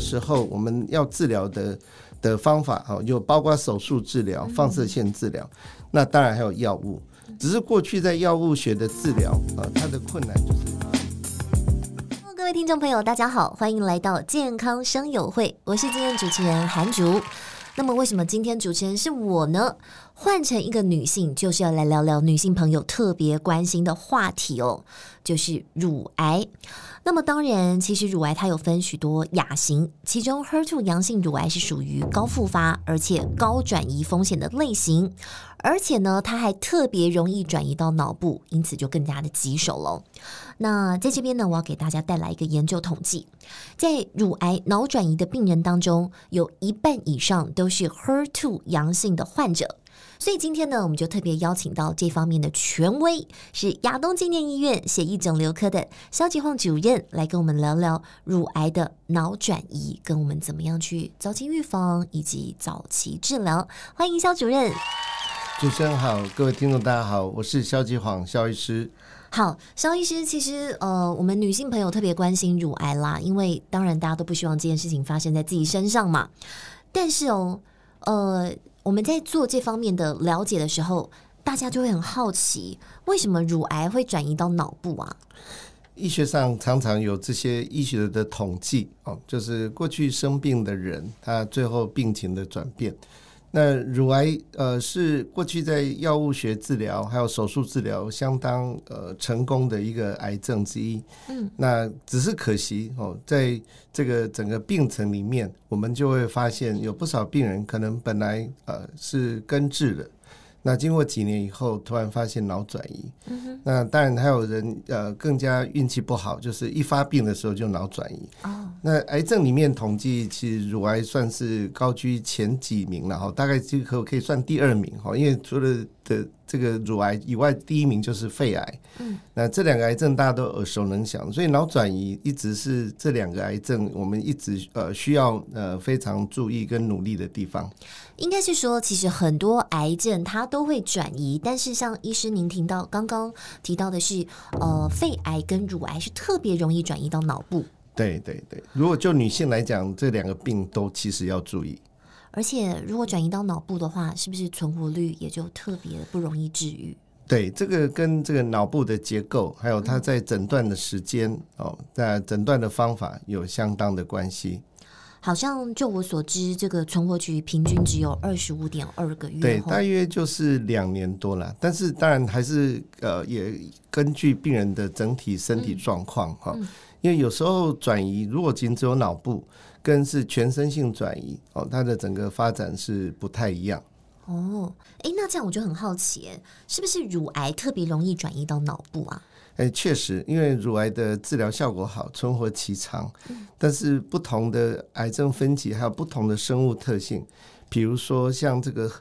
時候我們要治療的的方法啊，有包括手術治療、嗯、放射線治療，那當然還有藥物。只是過去在藥物學的治療啊，它的困難就是、嗯。各位聽眾朋友，大家好，歡迎來到健康聲友會，我是今天主持人韓竹。那麼為什麼今天主持人是我呢？換成一個女性，就是要來聊聊女性朋友特別關心的話題哦，就是乳癌。那麼當然，其實乳癌它有分許多亞型，其中 HER2 陽性乳癌是屬於高復發而且高轉移風險的類型，而且呢，它還特別容易轉移到腦部，因此就更加的棘手了。那在這邊呢，我要給大家帶來一個研究統計，在乳癌腦轉移的病人當中，有一半以上都是 HER2 陽性的患者。所以今天呢，我們就特別邀請到這方面的權威，是亞東紀念醫院血液腫瘤科的蕭吉晃主任，來跟我們聊聊乳癌的腦轉移，跟我們怎麼樣去早期預防以及早期治療。歡迎蕭主任。主持人好，各位聽眾大家好，我是蕭吉晃，蕭醫師。好，蕭醫師，其實呃，我們女性朋友特別關心乳癌啦，因為當然大家都不希望這件事情發生在自己身上嘛。但是哦，呃。我們在做這方面的了解的時候，大家就會很好奇，為什麼乳癌會轉移到腦部啊？醫學上常常有這些醫學的統計，哦，就是過去生病的人，他最後病情的轉變。那乳癌呃是過去在藥物學治療還有手術治療相當呃成功的一個癌症之一，嗯，那只是可惜哦，在這個整個病程裡面，我們就會發現有不少病人可能本來呃是根治的。那經過幾年以後，突然發現腦轉移，嗯。那當然還有人呃更加運氣不好，就是一發病的時候就腦轉移，哦。那癌症裡面統計，其實乳癌算是高居前幾名了哈，然後大概這個可以算第二名哈，因為除了的。這個乳癌以外，第一名就是肺癌。嗯，那這兩個癌症大家都耳熟能詳，所以腦轉移一直是這兩個癌症，我們一直呃需要呃非常注意跟努力的地方。應該是說，其實很多癌症它都會轉移，但是像醫師您提到剛剛提到的是，呃，肺癌跟乳癌是特別容易轉移到腦部。對對對，如果就女性來講，這兩個病都其實要注意。而且，如果轉移到腦部的話，是不是存活率也就特別不容易治癒？對，這個跟這個腦部的結構，還有它在診斷的時間、嗯、哦，在診斷的方法有相當的關係。好像就我所知，這個存活期平均只有二十五點二個月，對，大約就是兩年多了。但是當然還是呃，也根據病人的整體身體狀況哈、嗯嗯，因為有時候轉移如果僅只有腦部。跟是全身性轉移哦，它的整個發展是不太一樣哦。誒、欸，那這樣我就很好奇，是不是乳癌特別容易轉移到腦部啊？哎、欸，確實，因為乳癌的治療效果好，存活期長，但是不同的癌症分級還有不同的生物特性，比如說像這個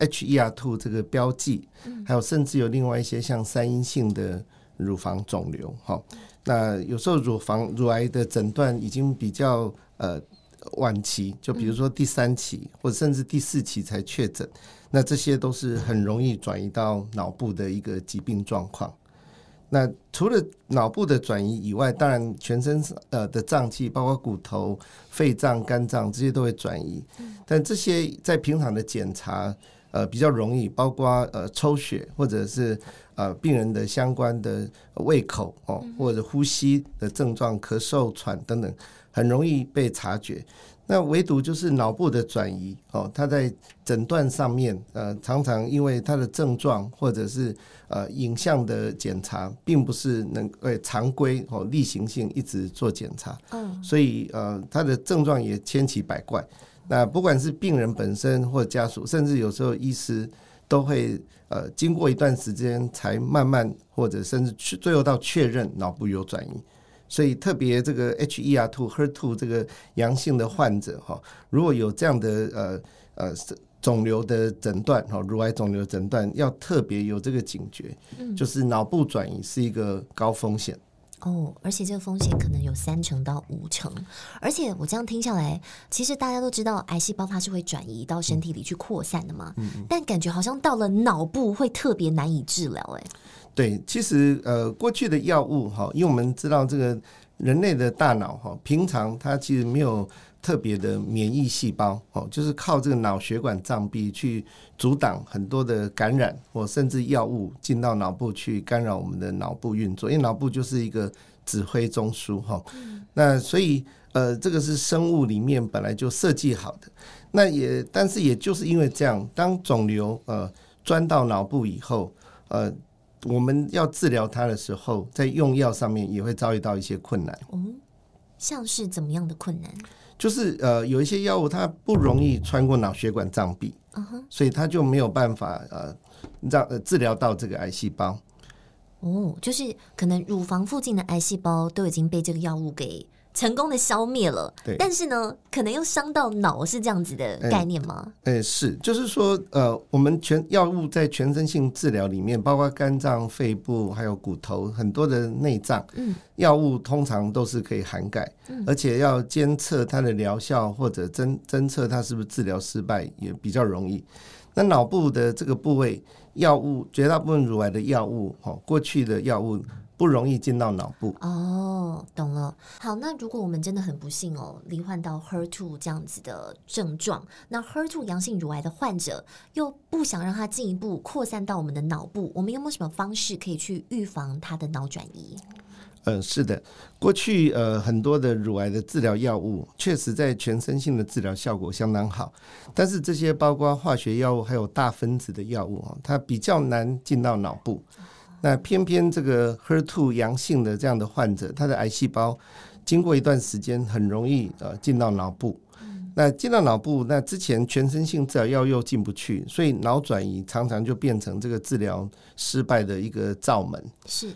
HER2 這個標記，還有甚至有另外一些像三陰性的乳房腫瘤。哈，那有時候乳房乳癌的診斷已經比較。呃，晚期，就比如說第三期、嗯、或者甚至第四期才確診，那這些都是很容易轉移到腦部的一個疾病狀況。那除了腦部的轉移以外，當然全身呃的臟器，包括骨頭、肺臟、肝臟這些都會轉移。但這些在平常的檢查，呃，比較容易，包括呃抽血或者是呃病人的相關的胃口哦、嗯，或者呼吸的症狀，咳嗽、喘等等。很容易被察覺，那唯獨就是腦部的轉移哦。他在診斷上面，呃，常常因為他的症狀或者是呃影像的檢查，並不是能呃常規哦例行性一直做檢查，嗯，所以呃他的症狀也千奇百怪。那不管是病人本身或者家屬，甚至有時候醫師都會呃經過一段時間才慢慢或者甚至去最後到確認腦部有轉移。所以特別這個 HER2 HER2 這個陽性的患者哈、嗯，如果有這樣的呃呃腫瘤的診斷哈，乳癌腫瘤診斷要特別有這個警覺，嗯、就是腦部轉移是一個高風險。哦，而且這個風險可能有三成到五成，而且我這樣聽下來，其實大家都知道癌細胞它是會轉移到身體裡去擴散的嘛、嗯嗯嗯，但感覺好像到了腦部會特別難以治療哎、欸。對，其實呃，過去的藥物哈，因為我們知道這個人類的大腦哈，平常它其實沒有特別的免疫細胞哦，就是靠這個腦血管障壁去阻擋很多的感染或甚至藥物進到腦部去干擾我們的腦部運作，因為腦部就是一個指揮中樞哈。那所以呃，這個是生物裡面本來就設計好的。那也但是也就是因為這樣，當腫瘤呃鑽到腦部以後呃。我們要治療它的時候，在用藥上面也會遭遇到一些困難。嗯，像是怎麼樣的困難？就是呃，有一些藥物它不容易穿過腦血管障壁，啊、嗯、所以它就沒有辦法呃，你知道呃治療到這個癌細胞。哦，就是可能乳房附近的癌細胞都已經被這個藥物給。成功的消滅了，對，但是呢，可能又傷到腦，是這樣子的概念嗎？哎、欸欸，是，就是說，呃，我們全藥物在全身性治療裡面，包括肝臟、肺部，還有骨頭很多的內臟，嗯，藥物通常都是可以涵蓋、嗯，而且要監測它的療效或者偵偵測它是不是治療失敗也比較容易。那腦部的這個部位，藥物絕大部分乳癌的藥物，好、哦，過去的藥物。不容易進到腦部哦，oh, 懂了。好，那如果我們真的很不幸哦，罹患到 HER2 這樣子的症狀，那 HER2 陽性乳癌的患者又不想讓它進一步擴散到我們的腦部，我們有沒有什麼方式可以去預防它的腦轉移？嗯、呃，是的，過去呃很多的乳癌的治療藥物，確實在全身性的治療效果相當好，但是這些包括化學藥物還有大分子的藥物啊，它比較難進到腦部。那偏偏這個 HER2 陽性的這樣的患者，他的癌細胞經過一段時間很容易呃進到腦部，嗯、那進到腦部，那之前全身性治療藥又進不去，所以腦轉移常常就變成這個治療失敗的一個罩門。是。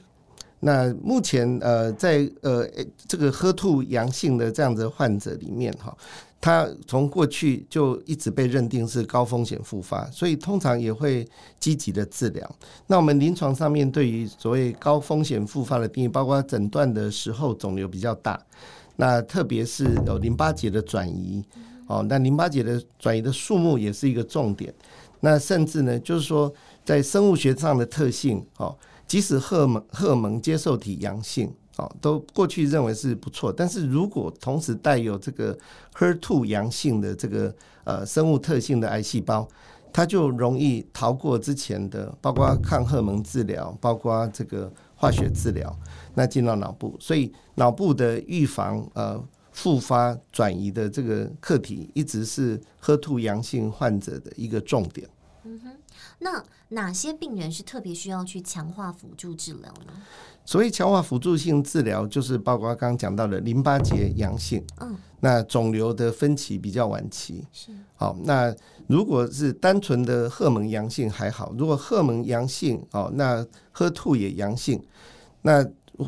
那目前呃，在呃這個 HER2 陽性的這樣子的患者裡面哈，他從過去就一直被認定是高風險復發，所以通常也會積極的治療。那我們臨床上面對於所謂高風險復發的定義，包括診斷的時候腫瘤比較大，那特別是有淋巴結的轉移哦，那淋巴結的轉移的數目也是一個重點。那甚至呢，就是說在生物學上的特性哦。即使荷爾蒙荷爾蒙接受體陽性，啊、哦，都過去認為是不錯。但是如果同時帶有這個 HER2 陽性的這個呃生物特性的癌細胞，它就容易逃過之前的，包括抗荷爾蒙治療，包括這個化學治療，那進到腦部。所以腦部的預防呃復發轉移的這個課題，一直是 HER2 陽性患者的一個重點。嗯哼。那哪些病人是特別需要去強化輔助治療呢？所以強化輔助性治療就是包括剛剛講到的淋巴結陽性，嗯，那腫瘤的分期比較晚期是好、哦。那如果是單純的荷蒙陽性還好，如果荷蒙陽性哦，那 HER2 也陽性，那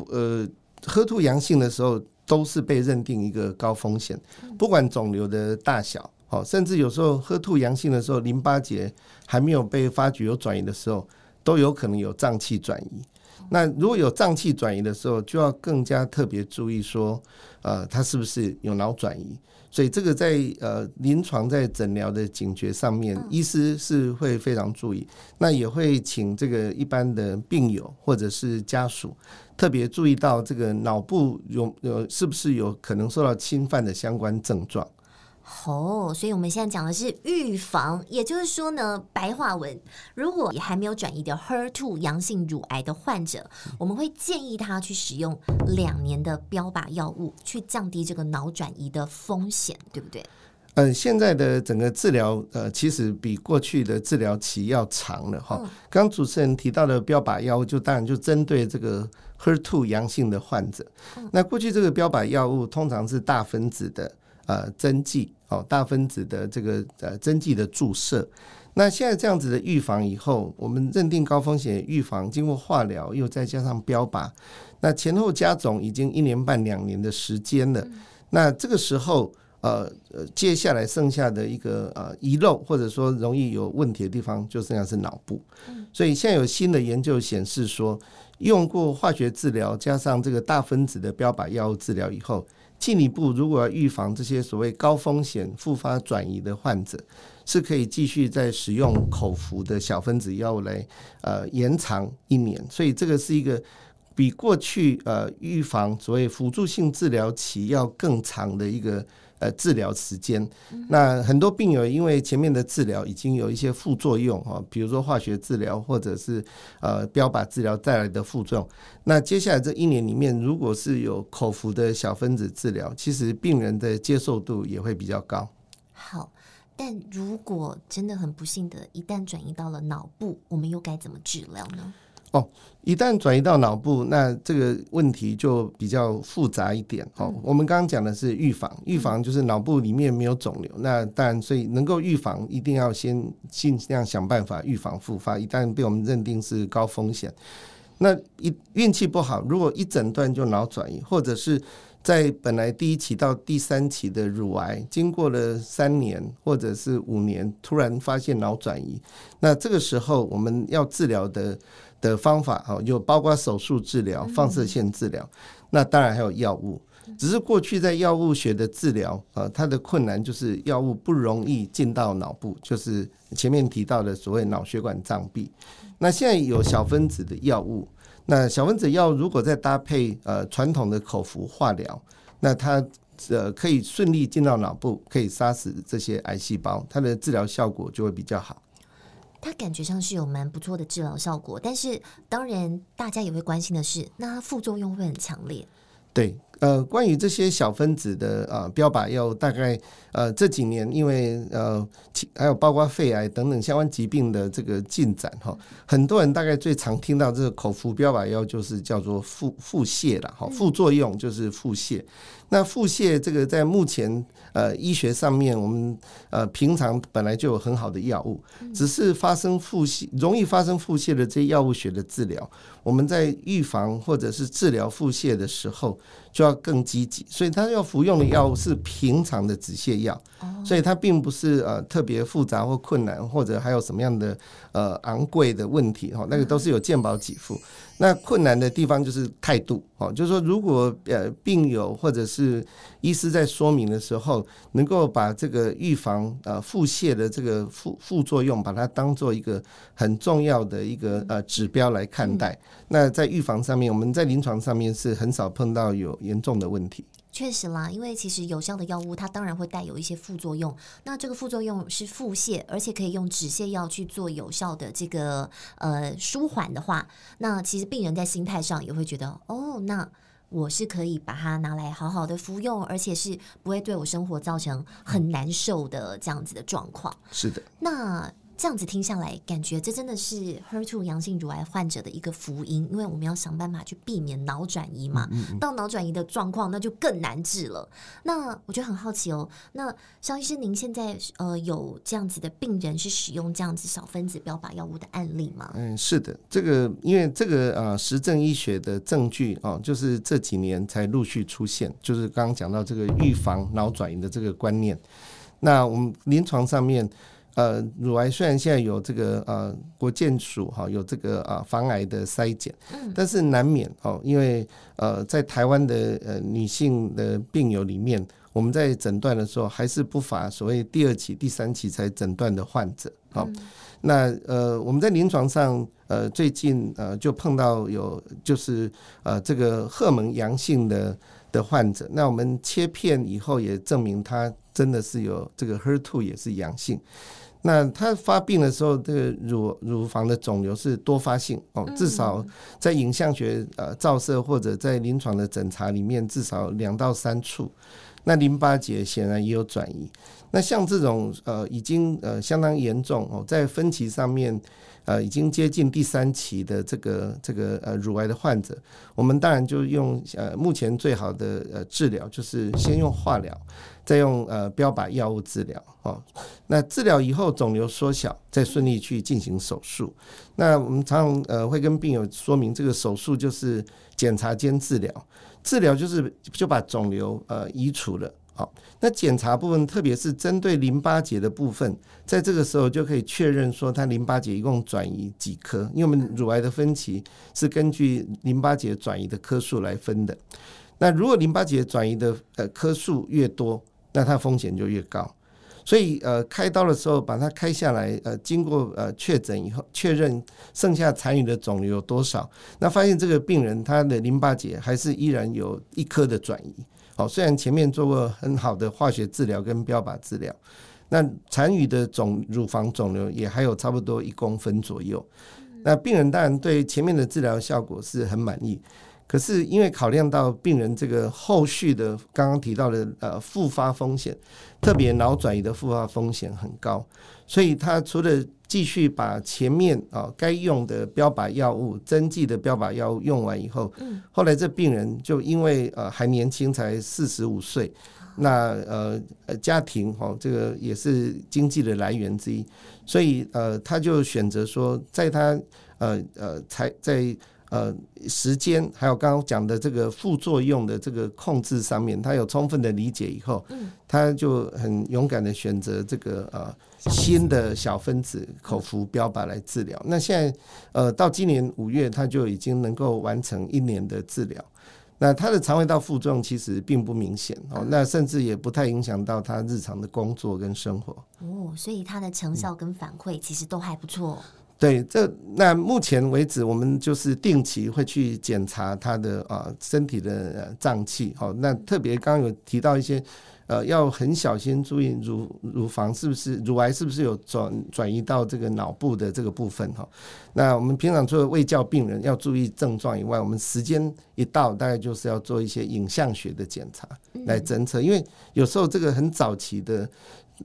呃 HER2 陽性的時候都是被認定一個高風險、嗯，不管腫瘤的大小。甚至有時候 HER2 陽性的時候，淋巴結還沒有被發覺有轉移的時候，都有可能有臟器轉移。那如果有臟器轉移的時候，就要更加特別注意說，呃，他是不是有腦轉移？所以這個在呃臨床在診療的警覺上面，醫師是會非常注意。那也會請這個一般的病友或者是家屬特別注意到這個腦部有有是不是有可能受到侵犯的相關症狀。哦、oh，所以我們現在講的是預防，也就是說呢，白話文，如果你還沒有轉移的 HER2 陽性乳癌的患者，嗯，我們會建議他去使用兩年的標靶藥物，去降低這個腦轉移的風險，對不對？嗯、呃，現在的整個治療呃，其實比過去的治療期要長了哈。嗯、剛，剛主持人提到的標靶藥物，就當然就針對這個 HER2 陽性的患者。嗯、那過去這個標靶藥物通常是大分子的。呃，針劑哦，大分子的這個呃針劑的注射。那現在這樣子的預防以後，我們認定高風險預防，經過化療又再加上標靶，那前後加總已經一年半兩年的時間了。嗯、那這個時候，呃呃，接下來剩下的一個呃遺漏或者說容易有問題的地方，就剩下是腦部、嗯。所以現在有新的研究顯示說，用過化學治療加上這個大分子的標靶藥物治療以後。進一步，如果要預防這些所謂高風險復發轉移的患者，是可以繼續再使用口服的小分子藥物來呃延長一年，所以這個是一個比過去呃預防所謂輔助性治療期要更長的一個。呃，治療時間。嗯，那很多病友因為前面的治療已經有一些副作用啊，比如說化學治療或者是呃標靶治療帶來的副作用。那接下來這一年裡面，如果是有口服的小分子治療，其實病人的接受度也會比較高。好，但如果真的很不幸的一旦轉移到了腦部，我們又該怎麼治療呢？哦。一旦轉移到腦部，那這個問題就比較複雜一點。哦、嗯，我們剛剛講的是預防，預防就是腦部裡面沒有腫瘤。那當然，所以能夠預防，一定要先盡量想辦法預防復發。一旦被我們認定是高風險，那一運氣不好，如果一診斷就腦轉移，或者是在本來第一期到第三期的乳癌，經過了三年或者是五年，突然發現腦轉移，那這個時候我們要治療的。的方法哈，有包括手術治療、放射線治療，嗯嗯嗯嗯，那當然還有藥物。只是過去在藥物學的治療啊、呃，它的困難就是藥物不容易進到腦部，就是前面提到的所謂腦血管障壁。那現在有小分子的藥物，那小分子藥物如果再搭配呃，傳統的口服化療，那它呃，可以順利進到腦部，可以殺死這些癌細胞，它的治療效果就會比較好。它感覺上是有蠻不錯的治療效果，但是當然大家也會關心的是，那它副作用會很強烈？對，呃，關於這些小分子的啊、呃、標靶藥，大概呃這幾年因為呃還有包括肺癌等等相關疾病的這個進展哈，很多人大概最常聽到這個口服標靶藥就是叫做腹腹瀉了哈，副作用就是腹瀉。嗯那腹瀉這個在目前呃醫學上面，我們呃平常本來就有很好的藥物，只是發生腹瀉，容易發生腹瀉的這些藥物學的治療，我們在預防或者是治療腹瀉的時候就要更積極，所以他要服用的藥物是平常的止瀉藥，所以它並不是呃特別複雜或困難，或者還有什麼樣的呃昂貴的問題哈，那個都是有健保給付。那困難的地方就是態度哦，就是說如果呃病友或者是是醫師在說明的時候，能夠把這個預防呃腹瀉的這個副副作用，把它當做一個很重要的一個呃指標來看待。嗯。那在預防上面，我們在臨床上面是很少碰到有嚴重的問題。確實啦，因為其實有效的藥物它當然會帶有一些副作用，那這個副作用是腹瀉，而且可以用止瀉藥去做有效的這個呃舒緩的話，那其實病人在心態上也會覺得哦那。我是可以把它拿來好好的服用，而且是不會對我生活造成很難受的這樣子的狀況。是的，那。這樣子聽下來，感覺這真的是 HER2 陽性乳癌患者的一個福音，因為我們要想辦法去避免腦轉移嘛。嗯嗯。到腦轉移的狀況，那就更難治了。那我就很好奇哦，那蕭醫師，您現在呃有這樣子的病人是使用這樣子小分子標靶藥物的案例嗎？嗯，是的，這個因為這個啊、呃，實證醫學的證據啊、呃，就是這幾年才陸續出現，就是剛剛講到這個預防腦轉移的這個觀念。那我們臨床上面。呃，乳癌雖然現在有這個呃國健署哈、哦、有這個啊、呃、防癌的篩檢、嗯，但是難免哦，因為呃在台灣的呃女性的病友裡面，我們在診斷的時候還是不乏所謂第二期、第三期才診斷的患者。好、哦嗯，那呃我們在臨床上呃最近呃就碰到有就是呃這個荷爾蒙陽性的。的患者，那我們切片以後也證明他真的是有這個 HER2 也是陽性。那他發病的時候，這個乳乳房的腫瘤是多發性哦，至少在影像學呃照射或者在臨床的檢查裡面，至少兩到三處。那淋巴結顯然也有轉移。那像這種呃已經呃相當嚴重哦，在分期上面呃已經接近第三期的這個這個呃乳癌的患者，我們當然就用呃目前最好的呃治療，就是先用化療，再用呃標靶藥物治療哦。那治療以後腫瘤縮小，再順利去進行手術。那我們常常呃會跟病友說明，這個手術就是檢查兼治療。治療就是就把腫瘤呃移除了，好，那檢查部分，特別是針對淋巴結的部分，在這個時候就可以確認說它淋巴結一共轉移幾顆，因為我們乳癌的分期是根據淋巴結轉移的顆數來分的，那如果淋巴結轉移的呃顆數越多，那它風險就越高。所以，呃，開刀的時候把它開下來，呃，經過呃確診以後，確認剩下殘餘的腫瘤有多少，那發現這個病人他的淋巴結還是依然有一顆的轉移。好、哦，雖然前面做過很好的化學治療跟標靶治療，那殘餘的腫乳房腫瘤也還有差不多一公分左右。那病人當然對前面的治療效果是很滿意，可是因為考量到病人這個後續的剛剛提到的呃復發風險，特別腦轉移的復發風險很高，所以他除了繼續把前面啊該、呃、用的標靶藥物、針劑的標靶藥物用完以後，後來這病人就因為呃還年輕，才四十五歲，那呃呃家庭哈、呃、這個也是經濟的來源之一，所以呃他就選擇說在、呃呃，在他呃呃才在。呃，時間還有剛剛講的這個副作用的這個控制上面，他有充分的理解以後，嗯、他就很勇敢的選擇這個呃小分子、新的小分子口服標靶來治療。那現在呃到今年五月，他就已經能夠完成一年的治療。那他的腸胃道副作用其實並不明顯、嗯、哦，那甚至也不太影響到他日常的工作跟生活哦。所以他的成效跟反饋其實都還不錯。嗯對，這那目前為止，我們就是定期會去檢查他的啊身體的臟器。好，那特別剛剛有提到一些，呃，要很小心注意乳乳房是不是乳癌，是不是有轉轉移到這個腦部的這個部分哈。那我們平常除了衛教病人要注意症狀以外，我們時間一到，大概就是要做一些影像學的檢查來偵測，因為有時候這個很早期的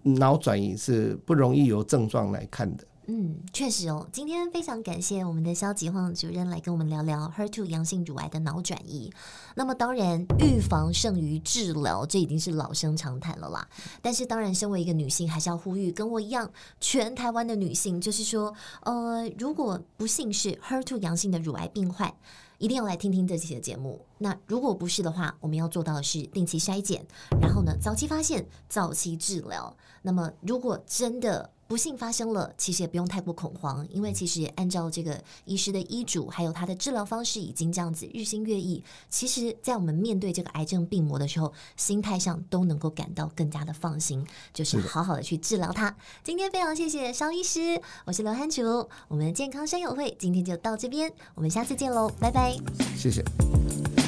腦轉移是不容易由症狀來看的。嗯，確實哦。今天非常感謝我們的蕭吉晃主任來跟我們聊聊 HER2 陽性乳癌的腦轉移。那麼當然，預防勝於治療，這已經是老生常談了啦。但是當然，身為一個女性，還是要呼籲跟我一樣全台灣的女性，就是說，呃，如果不幸是 HER2 陽性的乳癌病患，一定要來聽聽這期的節目。那如果不是的話，我們要做到的是定期篩檢，然後呢，早期發現，早期治療。那麼如果真的，不幸發生了，其實也不用太過恐慌，因為其實按照這個醫師的醫囑，還有他的治療方式，已經這樣子日新月異。其實，在我們面對這個癌症病魔的時候，心態上都能夠感到更加的放心，就是好好的去治療它。今天非常謝謝蕭醫師，我是羅漢竹，我們的健康聲友會今天就到這邊，我們下次見嘍，拜拜，謝謝。